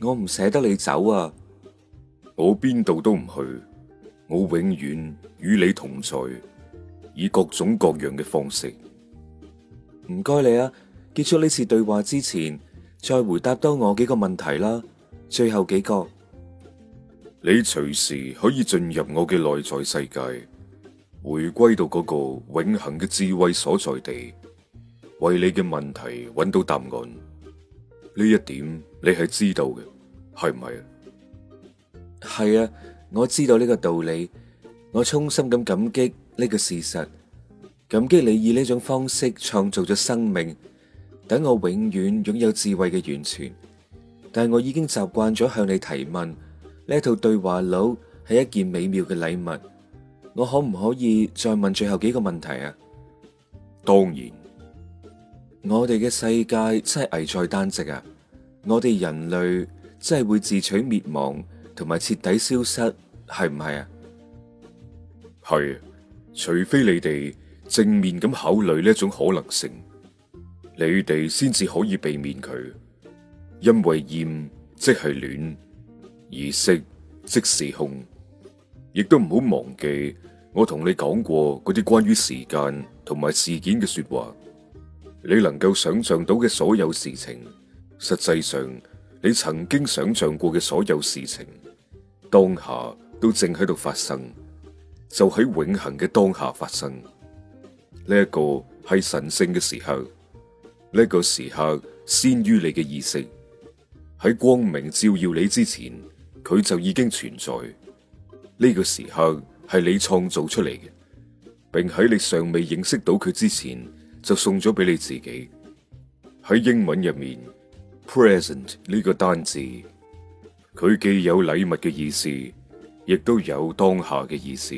我唔捨得你走啊！我邊度都唔去，我永遠與你同在，以各種各樣嘅方式。唔該你啊！結束呢次對話之前，再回答多我幾個問題啦。最後幾個，你隨時可以進入我嘅內在世界，回歸到嗰個永恒嘅智慧所在地，為你嘅問題揾到答案。呢一點你係知道嘅，係唔係啊？係啊，我知道呢個道理，我衷心咁感激呢個事實，感激你以呢種方式創造咗生命，等我永遠擁有智慧嘅源泉。但係我已經習慣咗向你提問，呢一套對話錄係一件美妙嘅禮物。我可唔可以再問最後幾個問題啊？當然。我哋嘅世界真係危在旦夕啊！我哋人類真係會自取滅亡同埋徹底消失，係唔係啊？係，除非你哋正面咁考慮呢種可能性，你哋先至可以避免佢。因為厭即係戀，而色即是空，亦都唔好忘記我同你講過嗰啲關於時間同埋事件嘅說話。你能夠想象到嘅所有事情，實際上你曾經想象過嘅所有事情，當下都正喺度發生，就喺永恒嘅當下發生。呢、這、一個係神聖嘅時候，呢、這個時刻先於你嘅意識喺光明照耀你之前，佢就已經存在。呢、這個時刻係你創造出嚟嘅，並喺你尚未認識到佢之前。就送咗俾你自己。喺英文入面，present 呢個單字，佢既有禮物嘅意思，亦都有當下嘅意思。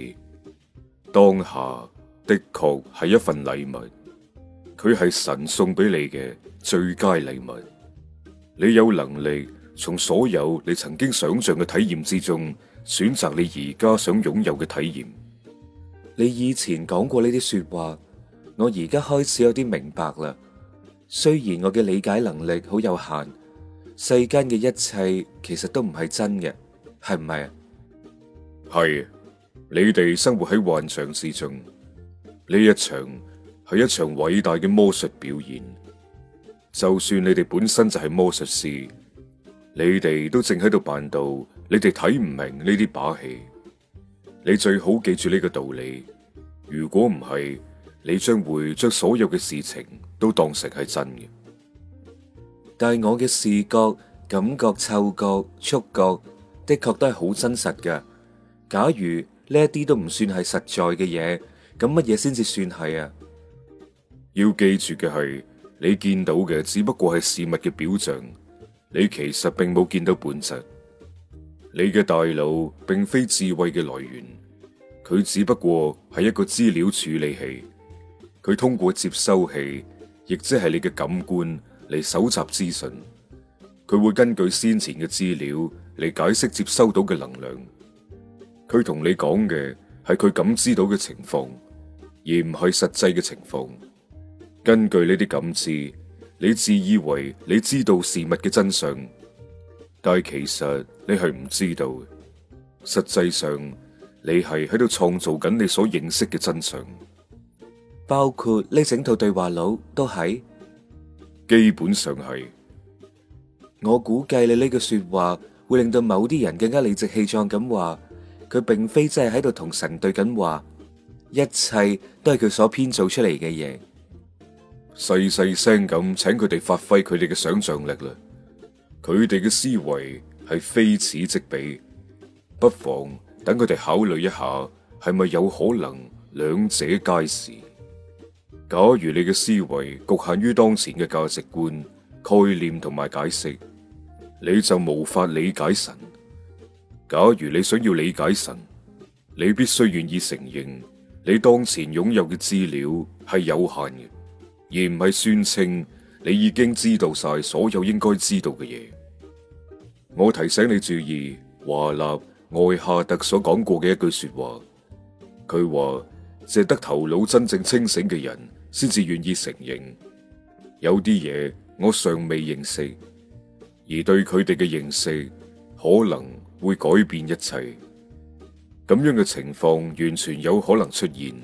當下的確係一份禮物，佢係神送俾你嘅最佳禮物。你有能力從所有你曾經想象嘅體驗之中，選擇你而家想擁有嘅體驗。你以前講過呢啲說話。我而家開始有啲明白啦。雖然我嘅理解能力好有限，世間嘅一切其實都唔係真嘅，係唔係啊？係，你哋生活喺幻象之中，呢一場係一場偉大嘅魔術表演。就算你哋本身就係魔術師，你哋都正喺度扮到你哋睇唔明呢啲把戲。你最好記住呢個道理，如果唔係。你將會將所有嘅事情都當成係真嘅，但我嘅視覺、感覺、嗅覺、觸覺的確都係好真實㗎。假如呢一啲都唔算係實在嘅嘢，咁乜嘢先至算係啊？要記住嘅係，你見到嘅只不過係事物嘅表象，你其實並冇見到本質。你嘅大腦並非智慧嘅來源，佢只不過係一個資料處理器。佢通過接收器，亦即係你嘅感官嚟搜集資訊。佢會根據先前嘅資料嚟解釋接收到嘅能量。佢同你講嘅係佢感知到嘅情況，而唔係實際嘅情況。根據呢啲感知，你自以為你知道事物嘅真相，但係其實你係唔知道。實際上，你係喺度創造緊你所認識嘅真相。包括呢整套對話錄都係，基本上係。我估計你呢句說話會令到某啲人更加理直氣壯咁話，佢並非真係喺度同神對緊話，一切都係佢所編造出嚟嘅嘢。細細聲咁，請佢哋發揮佢哋嘅想象力啦。佢哋嘅思維係非此即彼，不妨等佢哋考慮一下，係咪有可能兩者皆是？假如你嘅思維局限於當前嘅價值觀、概念同埋解釋，你就無法理解神。假如你想要理解神，你必須願意承認你當前擁有嘅資料係有限嘅，而唔係宣稱你已經知道晒所有應該知道嘅嘢。我提醒你注意華納愛夏特所講過嘅一句說話，佢話：值得頭腦真正清醒嘅人。先至願意承認有啲嘢我尚未認識，而對佢哋嘅認識可能會改變一切。咁樣嘅情況完全有可能出現。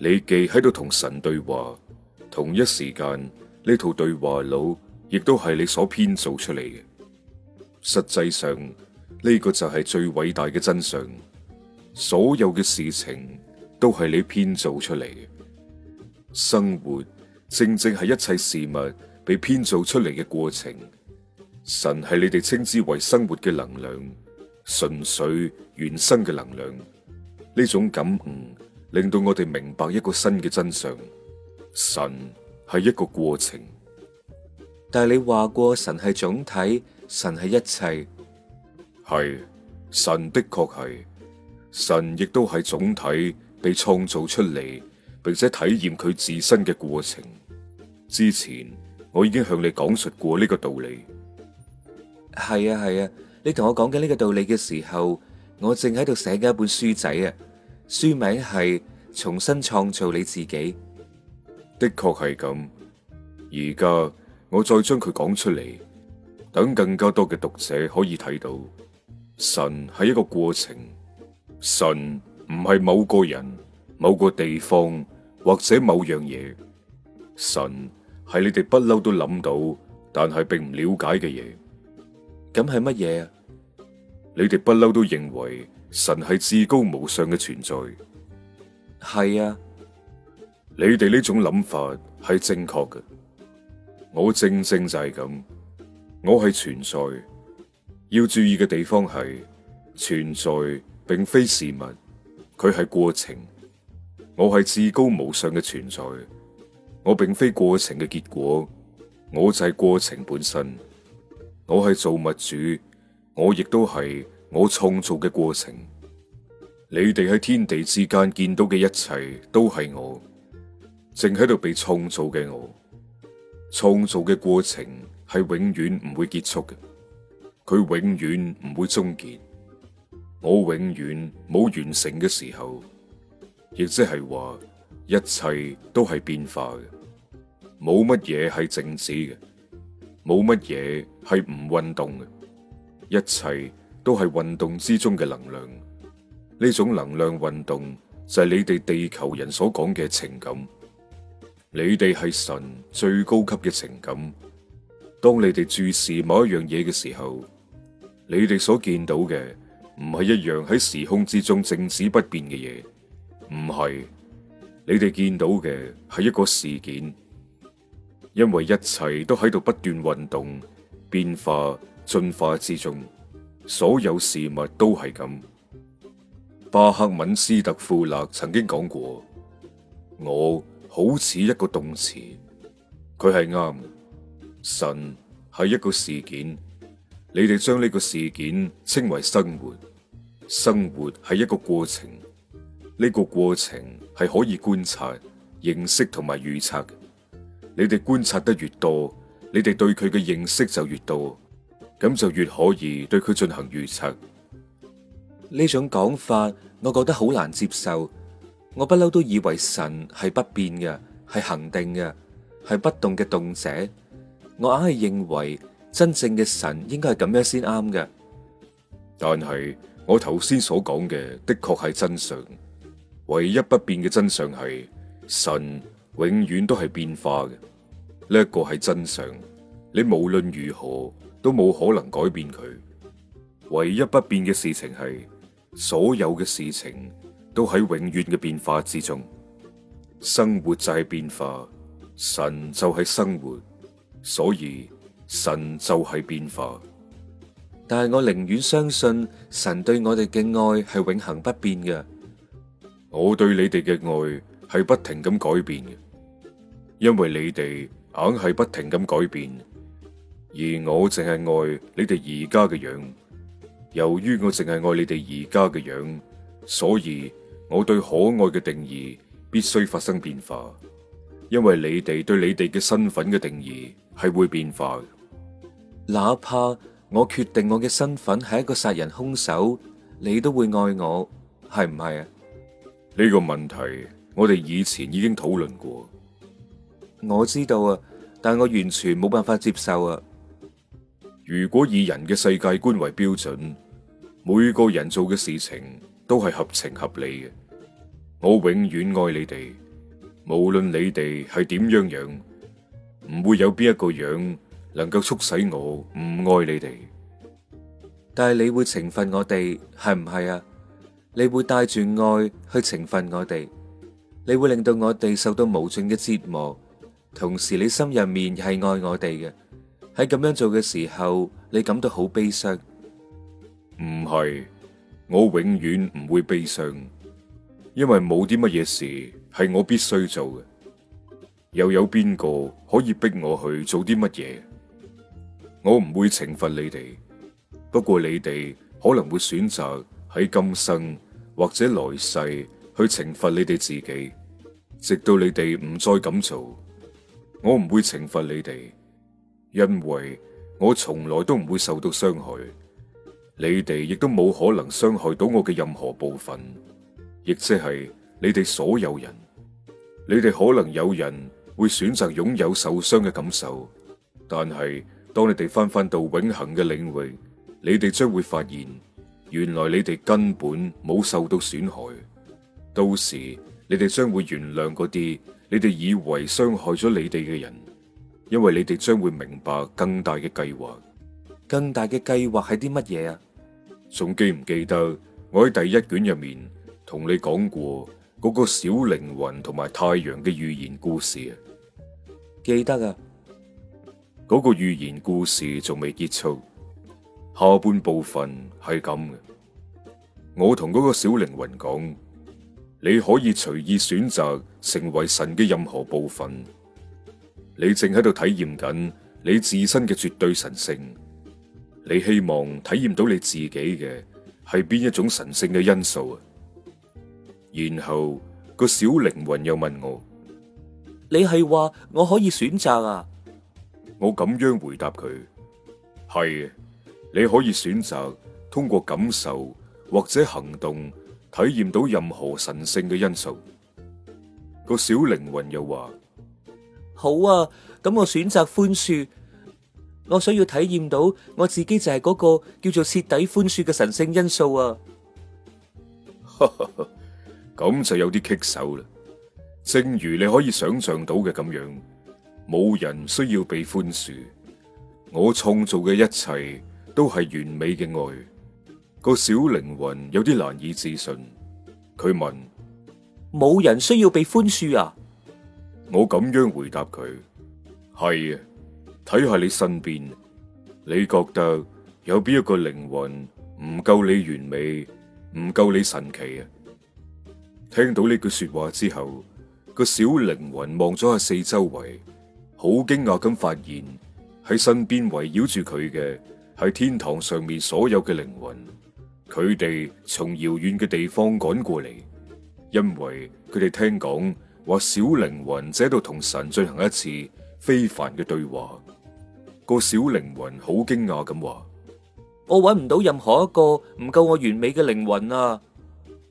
你既喺度同神對話，同一時間呢套對話錄亦都係你所編造出嚟嘅。實際上呢個就係最偉大嘅真相，所有嘅事情都係你編造出嚟嘅。生活正正係一切事物被編造出嚟嘅過程。神係你哋稱之為生活嘅能量，純粹原生嘅能量。呢種感悟令到我哋明白一個新嘅真相：神係一個過程。但係你話過神係總體，神係一切，係，神的確係，神亦都係總體被創造出嚟。或者體驗佢自身嘅過程。之前我已經向你講述過呢個道理。係啊係啊，你同我講緊呢個道理嘅時候，我正喺度寫緊一本書仔啊，書名係《重新創造你自己》。的確係咁，而家我再將佢講出嚟，等更加多嘅讀者可以睇到。神係一個過程，神唔係某個人、某個地方，或者某樣嘢，神係你哋不嬲都諗到，但係並唔了解嘅嘢，咁係乜嘢？你哋不嬲都認為神係至高無上嘅存在，係啊，你哋呢種諗法係正確嘅，我正正就係咁，我係存在。要注意嘅地方係，存在並非事物，佢係過程。我係至高無上嘅存在，我並非過程嘅結果，我就係過程本身。我係造物主，我亦都係我創造嘅過程。你哋喺天地之間見到嘅一切都係我，正喺度被創造嘅我，創造嘅過程係永遠唔會結束嘅，佢永遠唔會終結。我永遠冇完成嘅時候。亦即係話，一切都係變化嘅，冇乜嘢係靜止嘅，冇乜嘢係唔運動嘅，一切都係運動之中嘅能量。呢種能量運動就係你哋地球人所講嘅情感。你哋係神最高級嘅情感。當你哋注視某一樣嘢嘅時候，你哋所見到嘅唔係一樣喺時空之中靜止不變嘅嘢。唔係，你哋見到嘅係一個事件，因為一切都喺度不斷運動、變化、進化之中，所有事物都係咁。巴克敏斯特富勒曾經講過：「我好似一個動詞，佢係啱。神係一個事件，你哋將呢個事件稱為生活，生活係一個過程。呢個過程係可以觀察、認識同埋預測。你哋觀察得越多，你哋對佢嘅認識就越多，咁就越可以對佢進行預測。呢種講法，我覺得好難接受。我不嬲都以為神係不變嘅，係恆定嘅，係不動嘅動者。我硬係認為真正嘅神應該係咁樣先啱嘅。但係我頭先所講嘅，的確係真相。唯一不變嘅真相係神永遠都係變化嘅，呢個係真相。你無論如何都冇可能改變佢。唯一不變嘅事情係所有嘅事情都喺永遠嘅變化之中。生活就係變化，神就係生活，所以神就係變化。但係我寧願相信神對我哋嘅愛係永恒不變嘅。我對你哋嘅愛係不停咁改變嘅，因為你哋硬係不停咁改變，而我淨係愛你哋而家嘅樣。由於我淨係愛你哋而家嘅樣，所以我對可愛嘅定義必須發生變化。因為你哋對你哋嘅身份嘅定義係會變化嘅，哪怕我決定我嘅身份係一個殺人凶手，你都會愛我，係唔係啊？呢個問題，我哋以前已經討論過。我知道啊，但我完全冇辦法接受啊。如果以人嘅世界觀為標準，每個人做嘅事情都係合情合理嘅。我永遠愛你哋，無論你哋係點樣樣，唔會有邊一個樣能夠促使我唔愛你哋。但係你會懲罰我哋，係唔係啊？你會帶住愛去懲罰我哋，你會令到我哋受到無盡嘅折磨，同時你心入面係愛我哋嘅。喺咁樣做嘅時候，你感到好悲傷。唔係，我永遠唔會悲傷，因為冇啲乜嘢事係我必須做嘅。又有邊個可以逼我去做啲乜嘢？我唔會懲罰你哋，不過你哋可能會選擇。喺今生或者來世去懲罰你哋自己，直到你哋唔再咁做，我唔會懲罰你哋，因為我從來都唔會受到傷害，你哋亦都冇可能傷害到我嘅任何部分，亦即係你哋所有人。你哋可能有人會選擇擁有受傷嘅感受，但係當你哋翻返到永恆嘅領域，你哋將會發現。原來你哋根本冇受到損害，到時你哋將會原諒嗰啲你哋以為傷害咗你哋嘅人，因為你哋將會明白更大嘅計劃。更大嘅計劃係啲乜嘢啊？仲記唔記得我喺第一卷入面同你講過嗰個小靈魂同埋太陽嘅寓言故事啊？記得啊，嗰個寓言故事仲未結束。下半部分係咁嘅，我同嗰個小靈魂講，你可以隨意選擇成為神嘅任何部分。你正喺度體驗緊你自身嘅絕對神性。你希望體驗到你自己嘅係邊一種神性嘅因素啊？然後個小靈魂又問我，你係話我可以選擇啊？我咁樣回答佢係。你可以選擇通過感受或者行動體驗到任何神聖嘅因素。個小靈魂又話：好啊，咁我選擇寬恕，我想要體驗到我自己就係嗰、嗰個叫做徹底寬恕嘅神聖因素啊！咁 就有啲棘手啦。正如你可以想象到嘅咁樣，冇人需要被寬恕，我創造嘅一切，都係完美嘅愛，個小靈魂有啲難以置信。佢問：冇人需要被寬恕啊？我咁樣回答佢：係啊，睇下你身邊，你覺得有邊一個靈魂唔夠你完美，唔夠你神奇啊？聽到呢句說話之後，個小靈魂望咗下四周圍，好驚訝咁發現喺身邊圍繞住佢嘅。係天堂上面所有嘅靈魂，佢哋從遙遠嘅地方趕過嚟，因為佢哋聽講話小靈魂喺度同神進行一次非凡嘅對話。個小靈魂好驚訝咁話：我搵唔到任何一個唔夠我完美嘅靈魂啊！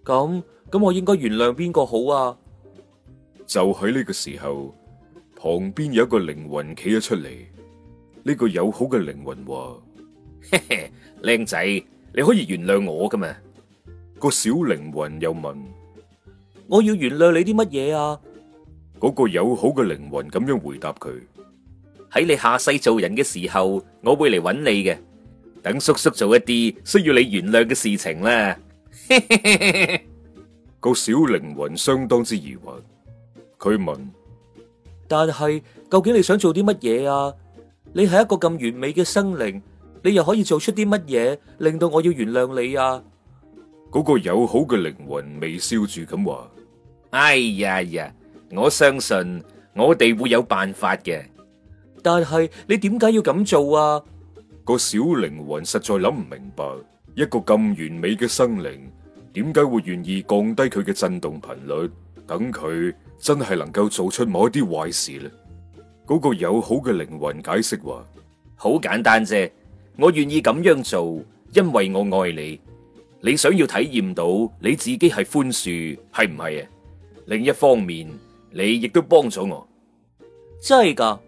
咁咁，我應該原諒邊個好啊？就喺呢個時候，旁邊有一個靈魂企咗出嚟，呢個友好嘅靈魂話。靚 仔，你可以原諒我噶嘛？個小靈魂又問：我要原諒你啲乜嘢啊？嗰個友好嘅靈魂咁樣回答佢：喺你下世做人嘅時候，我會嚟搵你嘅，等叔叔做一啲需要你原諒嘅事情啦。 個小靈魂相當之疑惑，佢問：但係究竟你想做啲乜嘢啊？你係一個咁完美嘅生靈。你又可以做出啲乜嘢，令到我要原諒你啊？嗰個友好嘅靈魂微笑住咁話：哎呀呀，我相信我哋會有辦法嘅。但係你點解要咁做啊？個小靈魂實在諗唔明白，一個咁完美嘅生靈，點解會願意降低佢嘅震動頻率，等佢真係能夠做出某一啲壞事呢？嗰個友好嘅靈魂解釋話：好簡單啫。我願意咁樣做，因為我愛你。你想要體驗到你自己係寬恕，係唔係啊？另一方面，你亦都幫咗我，真係㗎，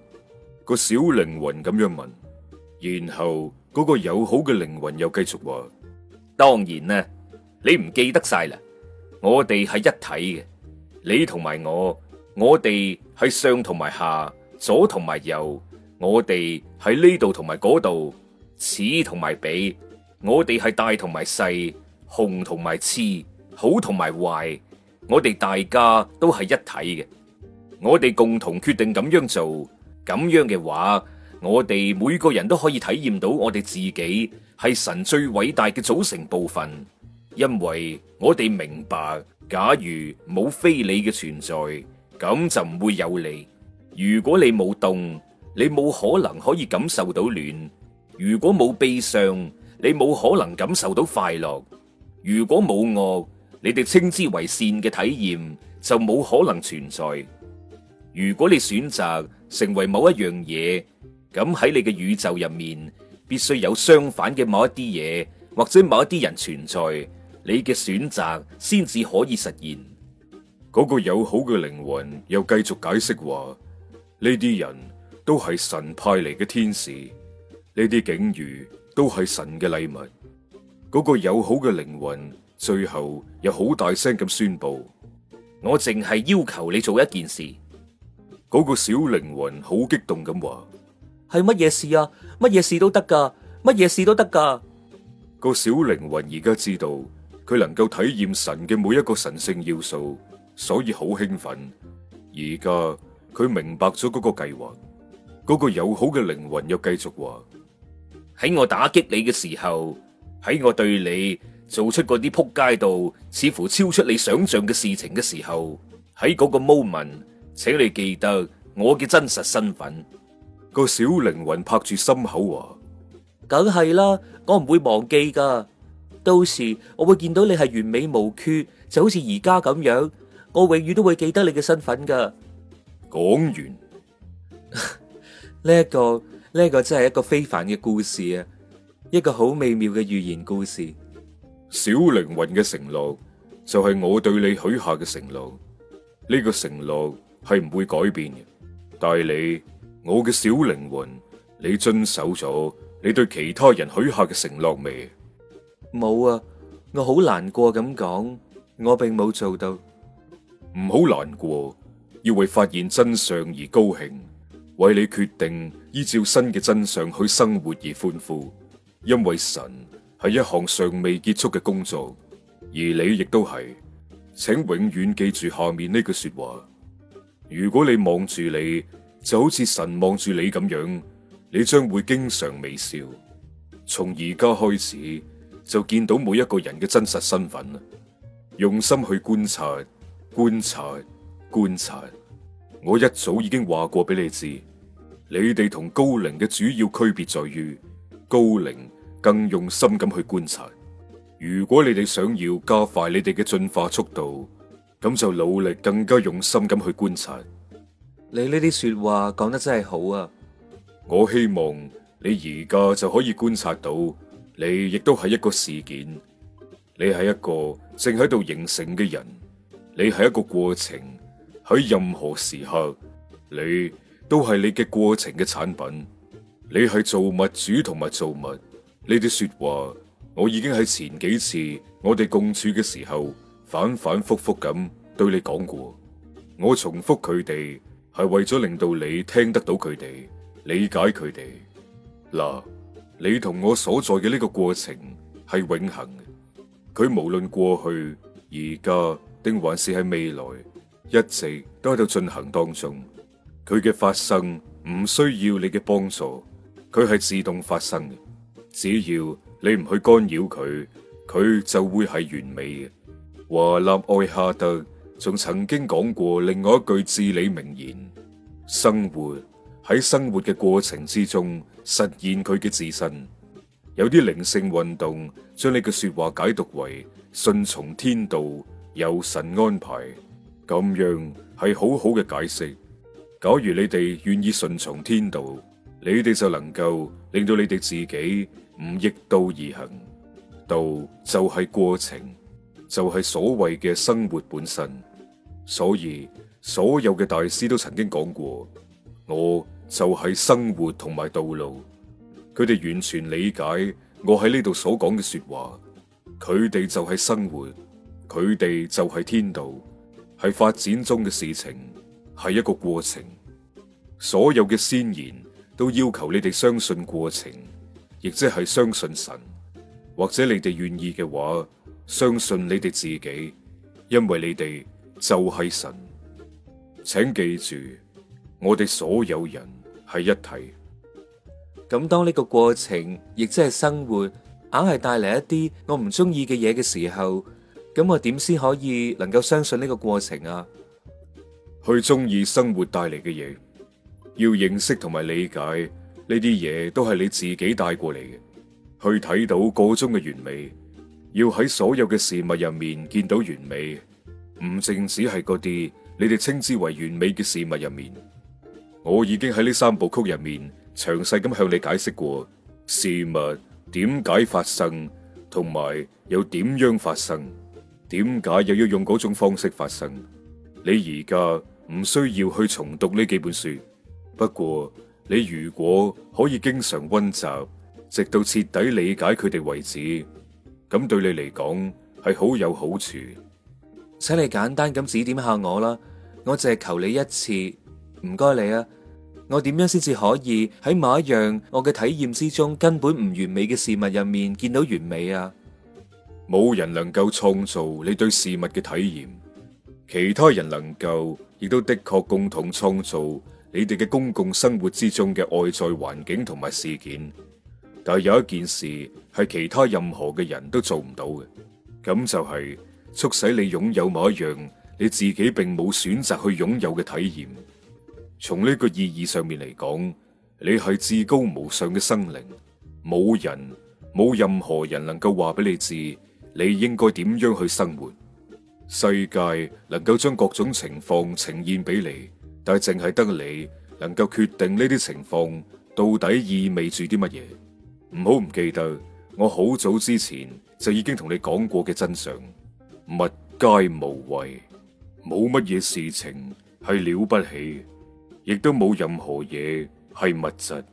個小靈魂咁樣問，然後嗰個友好嘅靈魂又繼續話：當然啦，你唔記得晒啦，我哋係一體嘅，你同埋我，我哋喺上同埋下，左同埋右，我哋喺呢度同埋嗰度。此同埋彼，我哋係大同埋細，雄同埋雌，好同埋壞，我哋大家都係一體嘅。我哋共同決定咁樣做，咁樣嘅話，我哋每個人都可以體驗到我哋自己係神最偉大嘅組成部分。因為我哋明白，假如冇非你嘅存在，咁就唔會有你。如果你冇凍，你冇可能可以感受到暖。如果冇悲傷，你冇可能感受到快樂；如果冇惡，你哋稱之為善嘅體驗就冇可能存在。如果你選擇成為某一樣嘢，咁喺你嘅宇宙入面，必須有相反嘅某一啲嘢或者某一啲人存在，你嘅選擇先至可以實現。嗰個友好嘅靈魂又繼續解釋話：呢啲人都係神派嚟嘅天使。呢啲境遇都係神嘅禮物。嗰、那個友好嘅靈魂最後又好大聲咁宣布：我淨係要求你做一件事。嗰個小靈魂好激動咁話：係乜嘢事啊？乜嘢事都得噶，乜嘢事都得噶。個小靈魂而家知道佢能夠體驗神嘅每一個神聖要素，所以好興奮。而家佢明白咗嗰個計劃。嗰、那個友好嘅靈魂又繼續話。喺我打擊你嘅時候，喺我對你做出嗰啲仆街度，似乎超出你想象嘅事情嘅時候，喺嗰個 moment，請你記得我嘅真實身份。個小靈魂拍住心口啊，梗係啦，我唔會忘記噶。到時我會見到你係完美無缺，就好似而家咁樣，我永遠都會記得你嘅身份噶。講完呢一、 這個。呢個真係一個非凡嘅故事啊，一個好美妙嘅寓言故事。小靈魂嘅承諾就係我對你許下嘅承諾，呢個承諾係唔會改變嘅。但係你，我嘅小靈魂，你遵守咗你對其他人許下嘅承諾未？冇啊，我好難過咁講，我並冇做到。唔好難過，要為發現真相而高興。為你決定依照新嘅真相去生活而歡呼，因為神係一項尚未結束嘅工作，而你亦都係，請永遠記住下面呢句說話：如果你望住你，就好似神望住你咁樣，你將會經常微笑。從而家開始就見到每一個人嘅真實身份，用心去觀察、觀察、觀察。我一早已經話過俾你知。你哋同高齡嘅主要區別在於，高齡更用心咁去觀察。如果你哋想要加快你哋嘅進化速度，咁就努力更加用心咁去觀察。你呢啲說話講得真係好啊！我希望你而家就可以觀察到，你亦都係一個事件，你係一個正喺度形成嘅人，你係一個過程，喺任何時刻，你。都係你嘅過程嘅產品，你係造物主同埋造物。呢啲說話，我已經喺前幾次我哋共處嘅時候反反復復咁對你講過，我重複佢哋，係為咗令到你聽得到佢哋，理解佢哋。嗱，你同我所在嘅呢個過程係永恆嘅，佢無論過去、而家定還是喺未來，一直都喺度進行當中。佢嘅發生唔需要你嘅幫助，佢係自動發生嘅。只要你唔去干擾佢，佢就會係完美嘅。華納愛哈德仲曾經講過另外一句至理名言：生活喺生活嘅過程之中實現佢嘅自身。有啲靈性運動將呢句說話解讀為順從天道，由神安排，咁樣係好好嘅解釋。假如你哋願意順從天道，你哋就能夠令到你哋自己唔逆道而行。道就係過程，就係所謂嘅生活本身。所以，所有嘅大師都曾經講過，我就係生活同埋道路。佢哋完全理解我喺呢度所講嘅說話。佢哋就係生活，佢哋就係天道，係發展中嘅事情。係一個過程，所有嘅先言都要求你哋相信過程，亦即係相信神，或者你哋願意嘅話，相信你哋自己，因為你哋就係神。請記住，我哋所有人係一體。咁當呢個過程，亦即係生活，硬係帶嚟一啲我唔中意嘅嘢嘅時候，咁我點先可以能夠相信呢個過程啊？去中意生活帶嚟嘅嘢，要認識同埋理解呢啲嘢都係你自己帶過嚟嘅。去睇到個中嘅完美，要喺所有嘅事物入面見到完美，唔淨只係嗰啲你哋稱之為完美嘅事物入面。我已經喺呢三部曲入面詳細咁向你解釋過事物點解發生，同埋又點樣發生，點解又要用嗰種方式發生。你而家唔需要去重讀呢幾本書，不過你如果可以經常溫習，直到徹底理解佢哋為止，咁對你嚟講係好有好處。請你簡單咁指點下我啦，我淨係求你一次，唔該你啊。我點樣先至可以喺某一樣我嘅體驗之中根本唔完美嘅事物入面見到完美啊？冇人能夠創造你對事物嘅體驗。其他人能夠，亦都的確共同創造你哋嘅公共生活之中嘅外在環境同埋事件，但係有一件事係其他任何嘅人都做唔到嘅，咁就係促使你擁有某一樣你自己並冇選擇去擁有嘅體驗。從呢個意義上面嚟講，你係至高無上嘅生靈，冇人，冇任何人能夠話俾你知你應該點樣去生活。世界能夠將各種情況呈現俾你，但係淨係得你能夠決定呢啲情況到底意味住啲乜嘢。唔好唔記得，我好早之前就已經同你講過嘅真相：物皆無謂，冇乜嘢事情係了不起，亦都冇任何嘢係物質。